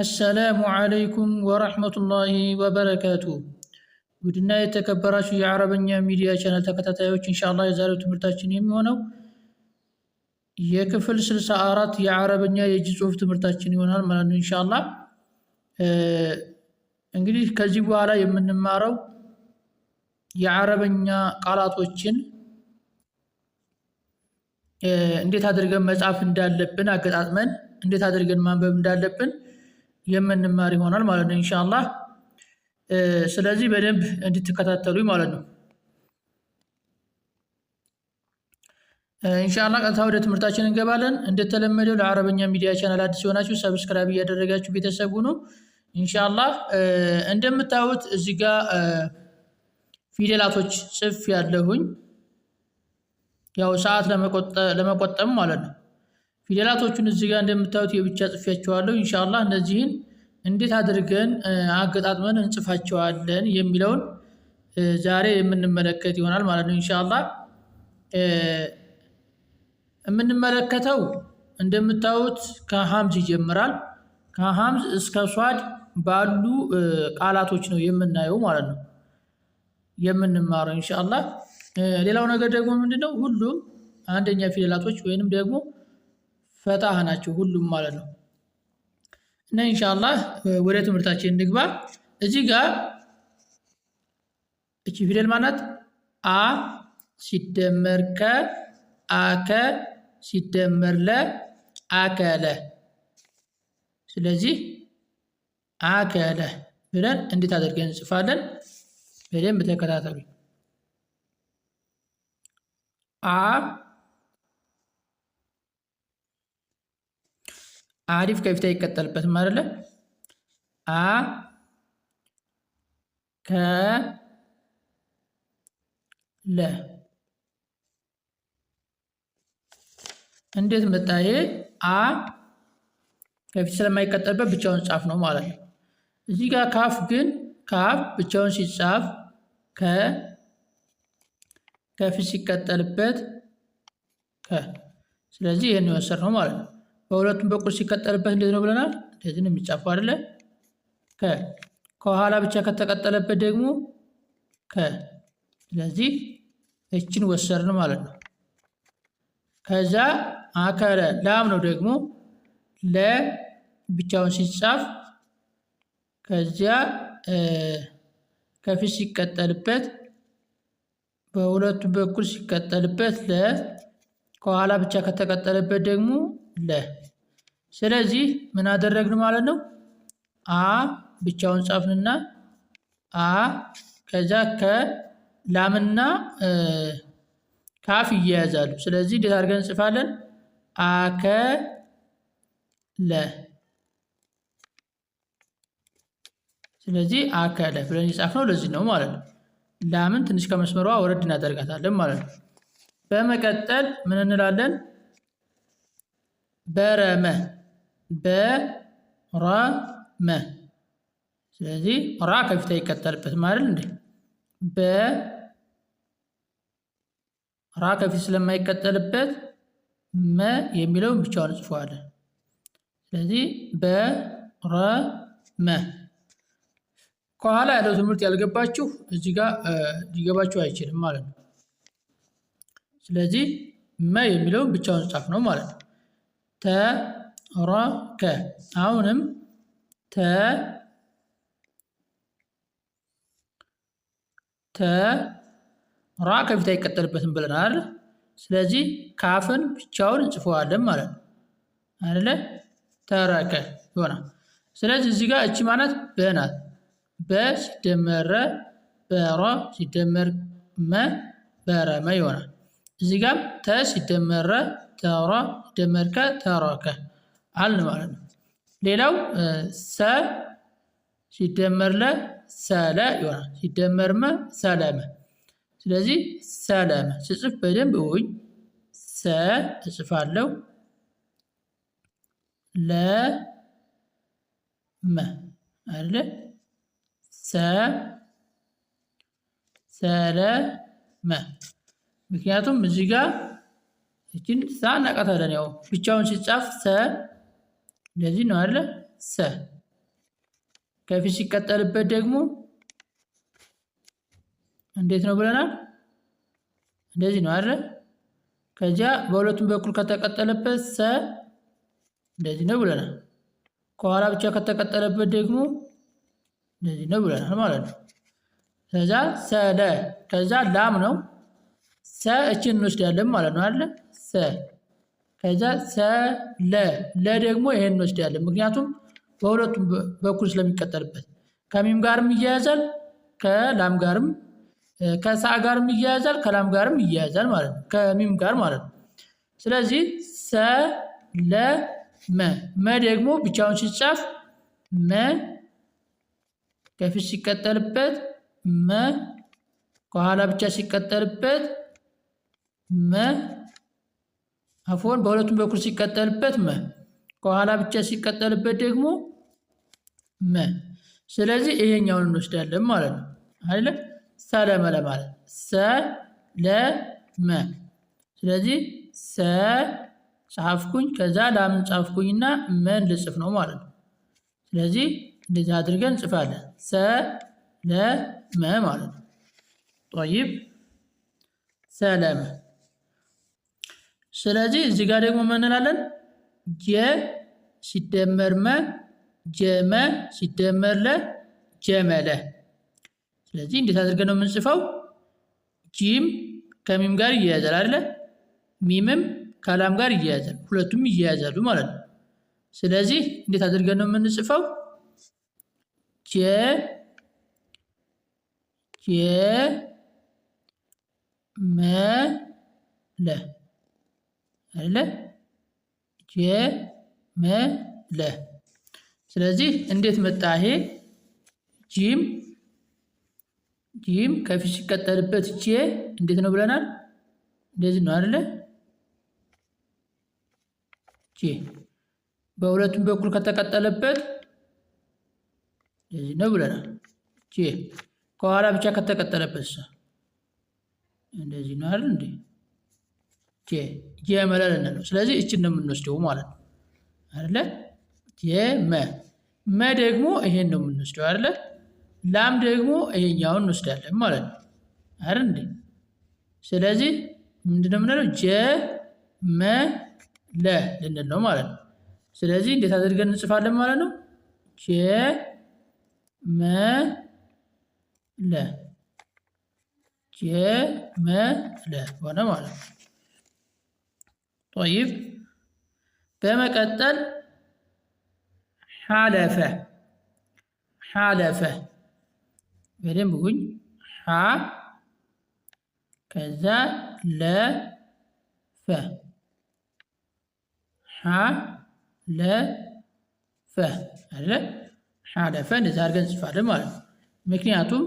አሰላሙ አለይኩም ወረህመቱላሂ ወበረካቱ። ውድና የተከበራችሁ የአረበኛ ሚዲያ ቻናል ተከታታዮች እንሻላ የዛሬው ትምህርታችን የሚሆነው የክፍል ስልሳ አራት የአረበኛ የእጅ ጽሑፍ ትምህርታችን ይሆናል ማለት ነው እንሻላ። እንግዲህ ከዚህ በኋላ የምንማረው የአረበኛ ቃላቶችን እንዴት አድርገን መጻፍ እንዳለብን አገጣጥመን እንዴት አድርገን ማንበብ እንዳለብን የምንማር ይሆናል ማለት ነው ኢንሻአላህ። ስለዚህ በደንብ እንድትከታተሉ ማለት ነው ኢንሻአላህ። ቀጥታ ወደ ትምህርታችን እንገባለን። እንደተለመደው ለአረበኛ ሚዲያ ቻናል አዲስ የሆናችሁ ሰብስክራይብ እያደረጋችሁ ቤተሰቡ ነው ኢንሻአላህ። እንደምታዩት እዚህ ጋር ፊደላቶች ጽፍ ያለሁኝ ያው ሰዓት ለመቆጠም ማለት ነው ፊደላቶቹን እዚህ ጋር እንደምታዩት የብቻ ጽፌያቸዋለሁ። እንሻላ እነዚህን እንዴት አድርገን አገጣጥመን እንጽፋቸዋለን የሚለውን ዛሬ የምንመለከት ይሆናል ማለት ነው። እንሻላ የምንመለከተው እንደምታዩት ከሀምዝ ይጀምራል። ከሀምዝ እስከ ሷድ ባሉ ቃላቶች ነው የምናየው ማለት ነው የምንማረው እንሻላ። ሌላው ነገር ደግሞ ምንድነው ሁሉም አንደኛ ፊደላቶች ወይንም ደግሞ ፈጣህ ናቸው ሁሉም ማለት ነው። እና እንሻላህ ወደ ትምህርታችን እንግባ። እዚህ ጋር እቺ ፊደል ማናት? አ ሲደመር ከ አከ ሲደመር ለ አከለ። ስለዚህ አከለ ብለን እንዴት አድርገን እንጽፋለን? በደንብ ተከታተሉ። አ አሪፍ ከፊት አይቀጠልበትም አይደለ? አ ከ ለ እንዴት መጣዬ? አ ከፊት ስለማይቀጠልበት ብቻውን ጻፍ ነው ማለት ነው። እዚህ ጋር ካፍ ግን ካፍ ብቻውን ሲጻፍ ከ ከፊት ሲቀጠልበት ከ ስለዚህ ይህን ይወሰድ ነው ማለት ነው። በሁለቱም በኩል ሲቀጠልበት እንዴት ነው ብለናል? እንደዚህ ነው የሚጻፈው አይደለ? ከ ከኋላ ብቻ ከተቀጠለበት ደግሞ ከ። ስለዚህ እችን ወሰድን ማለት ነው። ከዛ አከለ ላም ነው ደግሞ ለ ብቻውን ሲጻፍ ከዚያ ከፊት ሲቀጠልበት በሁለቱም በኩል ሲቀጠልበት ለ ከኋላ ብቻ ከተቀጠለበት ደግሞ ለ። ስለዚህ ምን አደረግን ማለት ነው? አ ብቻውን ጻፍንና አ ከዛ ከላምና ካፍ ይያያዛሉ። ስለዚህ እንዴት አድርገን እንጽፋለን? አከ ለ ስለዚህ አከለ ብለን የጻፍነው ለዚህ ነው ማለት ነው። ላምን ትንሽ ከመስመሯ ወረድ እናደርጋታለን ማለት ነው። በመቀጠል ምን እንላለን? በረመ በረመ። ስለዚህ ራ ከፊት ይቀጠልበት ማለት እንዴ በ ከፊት ስለማይቀጠልበት መ የሚለውን ብቻውን ጽፏለን። ስለዚህ በረመ። ከኋላ ያለው ትምህርት ያልገባችሁ እዚህ ጋር ሊገባችሁ አይችልም ማለት ነው። ስለዚህ መ የሚለውን ብቻውን ጻፍ ነው ማለት ነው። ተረከ አሁንም ተ ተ ራ ከፊት አይቀጠልበትም ብለናል። ስለዚህ ካፍን ብቻውን እንጽፈዋለን ማለት ነው አይደለ? ተረከ ይሆናል። ስለዚህ እዚህ ጋር እቺ ማናት በናት በሲደመረ በራ ሲደመር መ በረመ ይሆናል። እዚህ ጋር ተ ሲደመረ ተራ ደመርከ ተራከ አል ማለት ነው። ሌላው ሰ ሲደመር ለ ሰለ ይሆናል። ሲደመር መ ሰለመ። ስለዚህ ሰለመ ስጽፍ በደንብ ውኝ ሰ እጽፋለሁ ለመ አይደለ ሰ ሰለመ ምክንያቱም እዚህ ጋር እችን ሳ እናቃታለን። ያው ብቻውን ሲጻፍ ሰ እንደዚህ ነው አይደለ? ሰ ከፊት ሲቀጠልበት ደግሞ እንዴት ነው ብለናል? እንደዚህ ነው አይደለ? ከዚያ በሁለቱም በኩል ከተቀጠለበት ሰ እንደዚህ ነው ብለናል። ከኋላ ብቻ ከተቀጠለበት ደግሞ እንደዚህ ነው ብለናል ማለት ነው። ከዛ ሰለ ከዛ ላም ነው ሰ እችን እንወስዳለን ማለት ነው አይደለ? ሰ ከዛ ሰ ለ ለ ደግሞ ይሄን እንወስዳለን። ምክንያቱም በሁለቱም በኩል ስለሚቀጠልበት ከሚም ጋርም ይያያዛል፣ ከላም ጋርም ከሳ ጋርም ይያያዛል፣ ከላም ጋርም ይያያዛል ማለት ነው። ከሚም ጋር ማለት ነው። ስለዚህ ሰ ለ መ መ ደግሞ ብቻውን ሲጻፍ መ ከፊት ሲቀጠልበት መ ከኋላ ብቻ ሲቀጠልበት መ አፎን በሁለቱም በኩል ሲቀጠልበት መ ከኋላ ብቻ ሲቀጠልበት ደግሞ መ። ስለዚህ ይሄኛውን እንወስዳለን ማለት ነው አይደለ? ሰለመ ለማለት ሰለመ። ስለዚህ ሰ ጻፍኩኝ፣ ከዛ ላምን ጻፍኩኝና መን ልጽፍ ነው ማለት ነው። ስለዚህ እንደዚህ አድርገን እንጽፋለን ሰለመ ማለት ነው። ጠይብ ሰለመ ስለዚህ እዚህ ጋር ደግሞ ምን እንላለን? ጀ ሲደመር መ ጀመ ሲደመር ለ ጀመለ። ስለዚህ እንዴት አድርገን ነው የምንጽፈው? ጂም ከሚም ጋር እያያዛል አይደለ? ሚምም ከላም ጋር እያያዛል። ሁለቱም እያያዛሉ ማለት ነው። ስለዚህ እንዴት አድርገን ነው የምንጽፈው? ጀ ጀ መ ለ አይደለ? ጀመለ። ስለዚህ እንዴት መጣ ይሄ? ጂም ጂም ከፊት ሲቀጠልበት ጄ እንዴት ነው ብለናል? እንደዚህ ነው አይደለ? ጄ በሁለቱም በኩል ከተቀጠለበት እንደዚህ ነው ብለናል። ጄ ከኋላ ብቻ ከተቀጠለበት እንደዚህ ነው አይደል እንዴ? የመ ነው። ስለዚህ እችን ነው የምንወስደው ማለት ነው አይደለ? የመ መ ደግሞ ይሄን ነው የምንወስደው አይደለ? ላም ደግሞ ይሄኛውን እንወስዳለን ማለት ነው አይደል እንዴ? ስለዚህ ምንድነው የምንለው መ ለ ልንል ነው ማለት ነው። ስለዚህ እንዴት አድርገን እንጽፋለን ማለት ነው መ ለ መ ለ ሆነ ማለት ነው። ጦይብ በመቀጠል ሓለፈ ሓለፈ በደንብ ጉኝ ሓ ከዛ ለፈ ሓ ለፈ አለ ሓለፈ እንደዛ አድርገን እንጽፋለን ማለት ነው። ምክንያቱም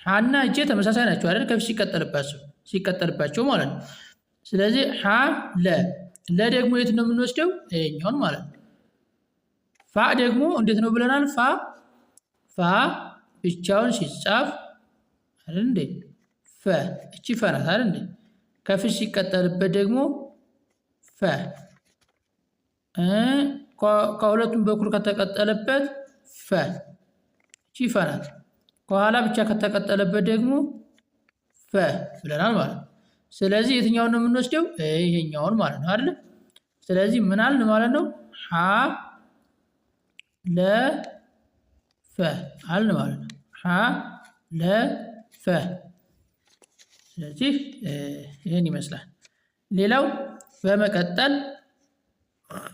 ሓና እጄ ተመሳሳይ ናቸው አይደል? ከፊት ሲቀጠልባቸው ሲቀጠልባቸው ማለት ነው። ስለዚህ ሀ ለ ለ ደግሞ የት ነው የምንወስደው? ይሄኛውን ማለት ነው። ፋ ደግሞ እንዴት ነው ብለናል? ፋ ፋ ብቻውን ሲጻፍ አይደል እንዴ? ፈ እቺ ፈ ናት አይደል እንዴ? ከፍ ሲቀጠልበት ደግሞ ፈ ከሁለቱም በኩል ከተቀጠለበት ፈ እቺ ፈ ናት። ከኋላ ብቻ ከተቀጠለበት ደግሞ ፈ ብለናል ማለት ነው። ስለዚህ የትኛውን ነው የምንወስደው? ይሄኛውን ማለት ነው አይደል? ስለዚህ ምን አልን ማለት ነው? ሀ ለ ፈ አልን ማለት ነው። ሀ ለ ፈ። ስለዚህ ይህን ይመስላል። ሌላው በመቀጠል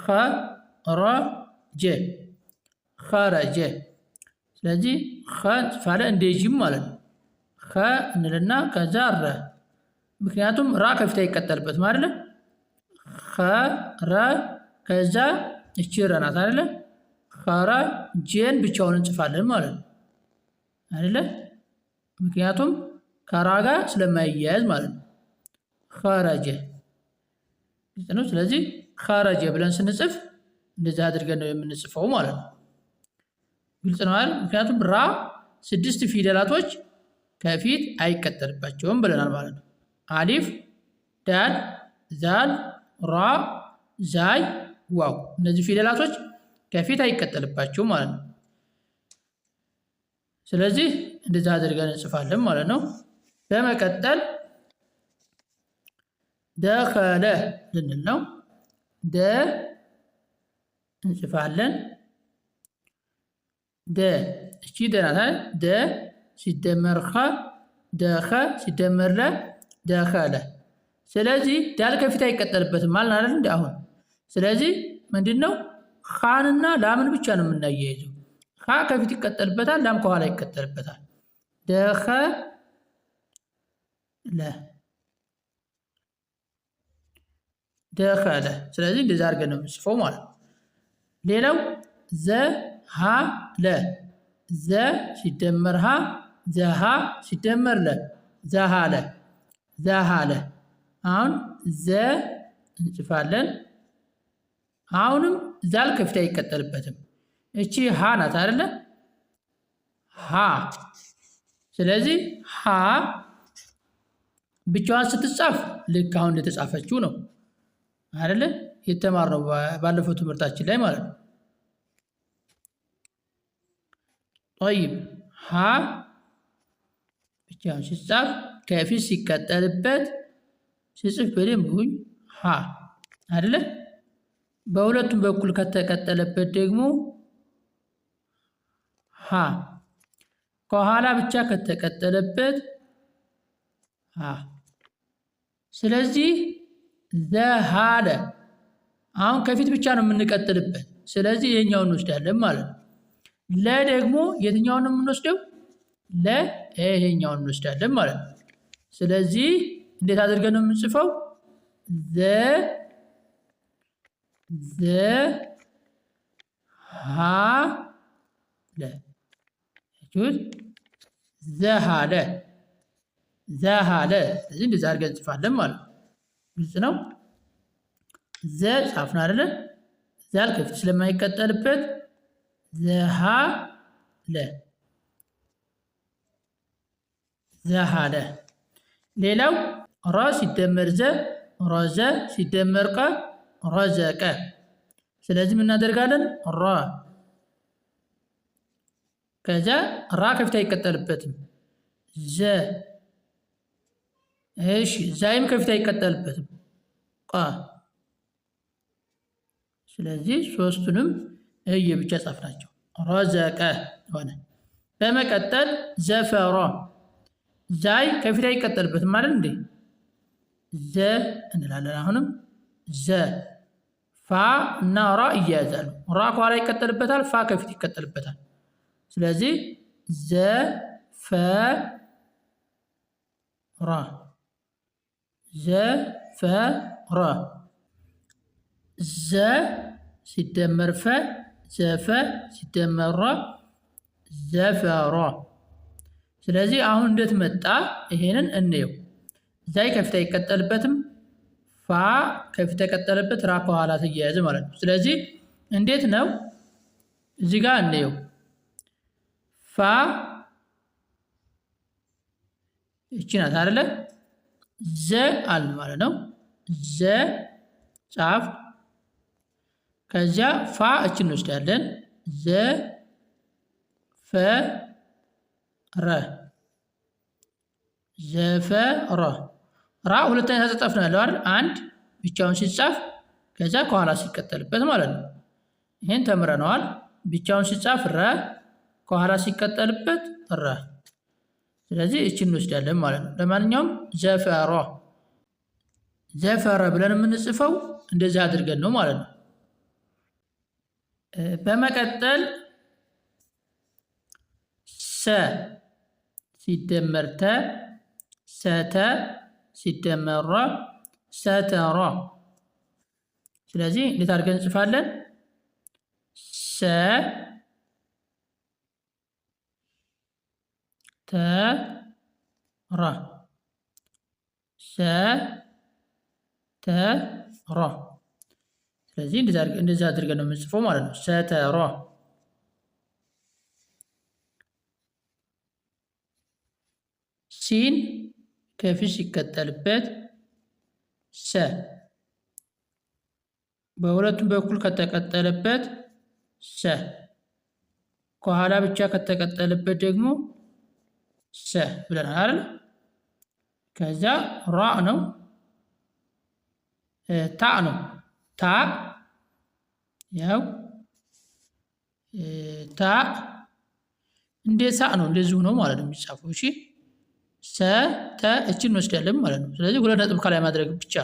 ኸረጀ ኸረጀ። ስለዚህ ኸ ፋለ እንደ ጂም ማለት ነው። ኸ እንልና ከዛ ረ ምክንያቱም ራ ከፊት አይቀጠልበትም አይደለ? ረ ከዛ እቺ ረናት አይደለ? ረ ጄን ብቻውን እንጽፋለን ማለት ነው አይደለ? ምክንያቱም ከራ ጋር ስለማያያዝ ማለት ነው። ከረጀ ነው። ስለዚህ ከረጀ ብለን ስንጽፍ እንደዚህ አድርገን ነው የምንጽፈው ማለት ነው። ግልጽ ነው አይደል? ምክንያቱም ራ ስድስት ፊደላቶች ከፊት አይቀጠልባቸውም ብለናል ማለት ነው። አሊፍ፣ ዳል፣ ዛል፣ ራ፣ ዛይ፣ ዋው እነዚህ ፊደላቶች ከፊት አይቀጠልባቸውም ማለት ነው። ስለዚህ እንደዛ አድርገን እንጽፋለን ማለት ነው። በመቀጠል ደኸለ ልንል ነው። ደ እንጽፋለን። ደ እቺ ደናታ ደ ሲደመር ኸ ደኸ ሲደመር ለ ደኸለ። ስለዚህ ዳል ከፊት አይቀጠልበትም አልን አይደል? እንደ አሁን ስለዚህ ምንድን ነው ኻንና ላምን ብቻ ነው የምናያይዘው። ኻ ከፊት ይቀጠልበታል፣ ላም ከኋላ ይቀጠልበታል። ለ ደኸለ። ስለዚህ እንደዛ አድርገን ነው የምንጽፈው ማለት ነው። ሌላው ዘሃለ ዘ ሲደመር ሀ ዘሀ ሲደመር ለ ለ ዘሃለ አሁን ዘ እንጽፋለን። አሁንም ዛል ከፊት አይቀጠልበትም። እቺ ሃ ናት አይደለ? ሃ ስለዚህ ሃ ብቻዋን ስትጻፍ ልክ አሁን እንደተጻፈችው ነው አይደለ? የተማርነው ባለፈው ትምህርታችን ላይ ማለት ነው። ጠይብ ሃ ብቻዋን ሲጻፍ ከፊት ሲቀጠልበት ሲጽፍ በደንብ ሁኝ ሀ አይደለ? በሁለቱም በኩል ከተቀጠለበት ደግሞ ሀ። ከኋላ ብቻ ከተቀጠለበት ሀ። ስለዚህ ዘሃለ አሁን ከፊት ብቻ ነው የምንቀጥልበት። ስለዚህ ይሄኛውን እንወስዳለን ማለት ነው። ለ ደግሞ የትኛውን ነው የምንወስደው? ለ ይሄኛውን እንወስዳለን ማለት ነው። ስለዚህ እንዴት አድርገን ነው የምንጽፈው? ዘ ዘ ሀ ለ ዘሃለ ዘሃለ። ስለዚህ እንደዛ አድርገን እንጽፋለን ማለት ነው። ግልጽ ነው። ዘ ጻፍን አይደለ? ዛል ክፍት ስለማይቀጠልበት ዘሃ ለ ዘሃለ ሌላው ራ ሲደመር ዘ ረዘ ሲደመር ቀ ረዘቀ። ስለዚህ ምን እናደርጋለን? ራ ከዛ ራ ከፊት አይቀጠልበትም። ዘ እሺ፣ ዛይም ከፊት አይቀጠልበትም። ቀ ስለዚህ ሶስቱንም ጻፍ ናቸው ረዘቀ ሆነ። በመቀጠል ዘፈሮ ዛይ ከፊት አይቀጠልበትም ማለት እንዴ ዘ እንላለን። አሁንም ዘ ፋ እና ራ እያያዛሉ። ራ ከኋላ ይቀጠልበታል፣ ፋ ከፊት ይቀጠልበታል። ስለዚህ ዘ ፈ ራ ዘ ፈ ራ ዘ ሲደመር ፈ ዘፈ ሲደመር ራ ዘፈራ ስለዚህ አሁን እንዴት መጣ? ይሄንን እንየው። ዛይ ከፊት አይቀጠልበትም። ፋ ከፊት የቀጠለበት ራ ከኋላ ተያያዘ ማለት ነው። ስለዚህ እንዴት ነው? እዚህ ጋር እንየው። ፋ እቺ ናት አይደለ? ዘ አል ማለት ነው። ዘ ጻፍ። ከዚያ ፋ እችን እንወስዳለን። ዘ ፈ ረ ዘፈ ዘፈረ ራ ሁለተኛ ተጻፍ ነው ያለው አንድ ብቻውን ሲጻፍ ከዛ ከኋላ ሲቀጠልበት ማለት ነው። ይህን ተምረነዋል። ብቻውን ሲጻፍ ረ ከኋላ ሲቀጠልበት ረ። ስለዚህ እችን እንወስዳለን ማለት ነው። ለማንኛውም ዘፈረ ዘፈረ ብለን የምንጽፈው እንደዚህ አድርገን ነው ማለት ነው። በመቀጠል ሰ سيدمر تا ساتا سيدمر ساتارا سلازي لتاركن سفالا سا تا را سا تا را سلازي لتاركن سفالا ساتارا ሲን ከፊሽ ሲቀጠልበት ሰ በሁለቱም በኩል ከተቀጠለበት ሰ ከኋላ ብቻ ከተቀጠለበት ደግሞ ሰ ብለናል አይደል? ከዛ ራ ነው ታ ነው ታ ያው ታ እንደ ሳ ነው እንደዚሁ ነው ማለት ነው የሚጻፈው። እሺ ሰ ተ እችን እንወስዳለን ማለት ነው። ስለዚህ ሁለት ነጥብ ከላይ ማድረግ ብቻ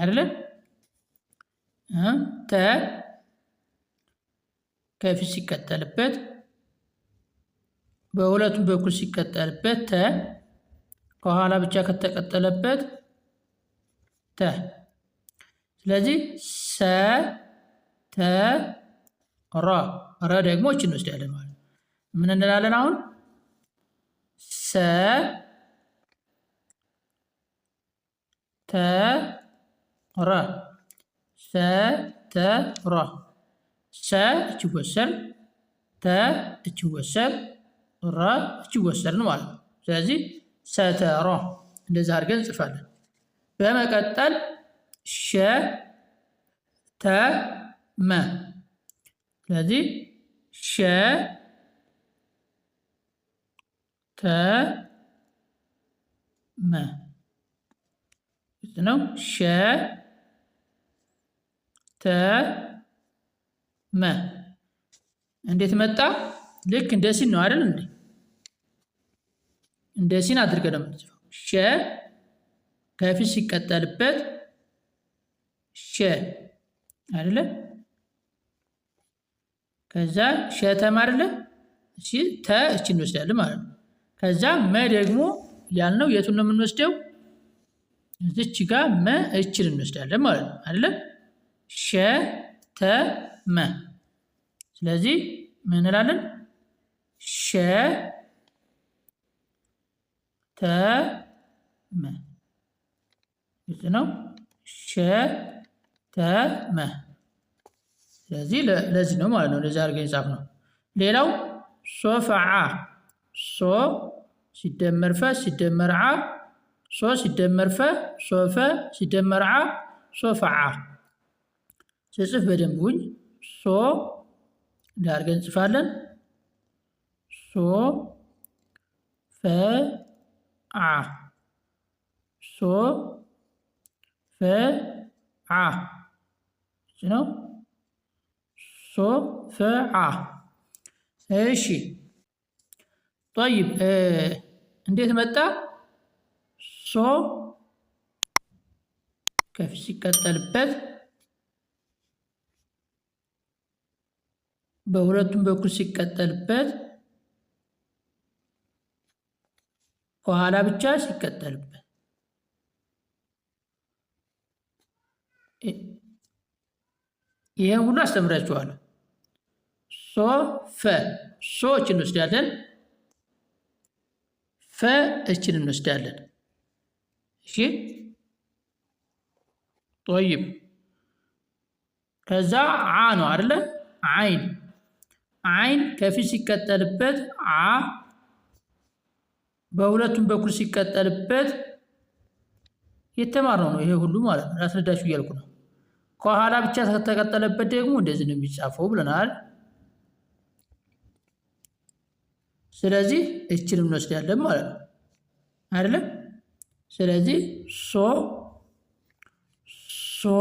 አይደለም። ተ ከፊት ሲቀጠልበት በሁለቱም በኩል ሲቀጠልበት ተ ከኋላ ብቻ ከተቀጠለበት ተ ስለዚህ ሰ ተ ራ ረ ደግሞ እችን እንወስዳለን ማለት ነው። ምን እንላለን አሁን ሰ ተ ረ ሰ ተ ረ ሰ እች ወሰን ተ እች ወሰን ረ እች ወሰን ማለት ነው። ስለዚህ ሰተሮ እንደዛ አድርገን እንጽፋለን። በመቀጠል ሸ ተ መ ስለዚህ ሸ ተመ ነው ሸ ተመ እንዴት መጣ? ልክ እንደ ሲን ነው አይደል? እንደ እንደ ሲን አድርገን ነው የምንጽፈው። ሸ ከፊት ሲቀጠልበት ሸ አይደለ? ከዛ ሸተም አይደለ? እሺ ተ እቺ እንወስዳለን ማለት ነው። ከዛ መ ደግሞ ያልነው የቱን ነው የምንወስደው? እዚች ጋር መ እችን እንወስዳለን ማለት ነው አይደለም? ሸተመ። ስለዚህ ምን እንላለን? ሸተመ ነው። መ። ስለዚህ ለዚህ ነው ማለት ነው። ለዚህ አድርገን ጻፍ ሌላው ሶፋዓ ሶ ሲደመር ፈ ሲደመር ዓ ሶ ሲደመር ፈ ሶፈ ሲደመር ዓ ሶፈዓ። ስጽፍ በደንብ ውኝ። ሶ እንዳርገን እንጽፋለን። ሶ ፈ ዓ ሶ ፈ ዓ ነው። ሶ ፈ ዓ እሺ። ጠይብ እንዴት መጣ? ሶ ከፊት ሲቀጠልበት በሁለቱም በኩል ሲቀጠልበት ከኋላ ብቻ ሲቀጠልበት ይህን ሁሉ አስተምራችኋለሁ። ሶ ፈ ሶች እንወስዳለን። ፈ እችን እንወስዳለን። እሺ ጦይብ ከዛ ዓ ነው አይደለ? አይን አይን ከፊት ሲቀጠልበት አ በሁለቱም በኩል ሲቀጠልበት የተማርነው ነው ይሄ ሁሉ ማለት ነው። ያስረዳችሁ እያልኩ ነው። ከኋላ ብቻ ከተቀጠለበት ደግሞ እንደዚህ ነው የሚጻፈው ብለናል። ስለዚህ እችን እንወስዳለን ማለት ነው አይደለም። ስለዚህ ሶ ሶ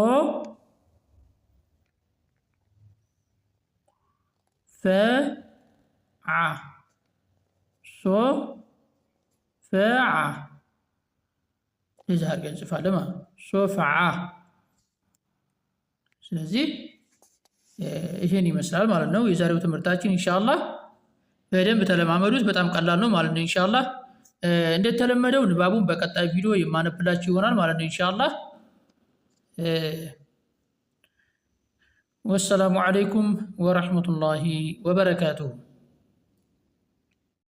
ፈ ሶ ፈ እዚህ አድርገን እንጽፋለን ማለት ነው። ሶ ፈ ስለዚህ ይህን ይመስላል ማለት ነው የዛሬው ትምህርታችን ኢንሻአላህ። በደንብ ተለማመዱት። በጣም ቀላል ነው ማለት ነው። እንሻላ እንደተለመደው ንባቡን በቀጣይ ቪዲዮ የማነብላችሁ ይሆናል ማለት ነው። እንሻላ ወሰላሙ አለይኩም ወረሕመቱላሂ ወበረካቱሁ።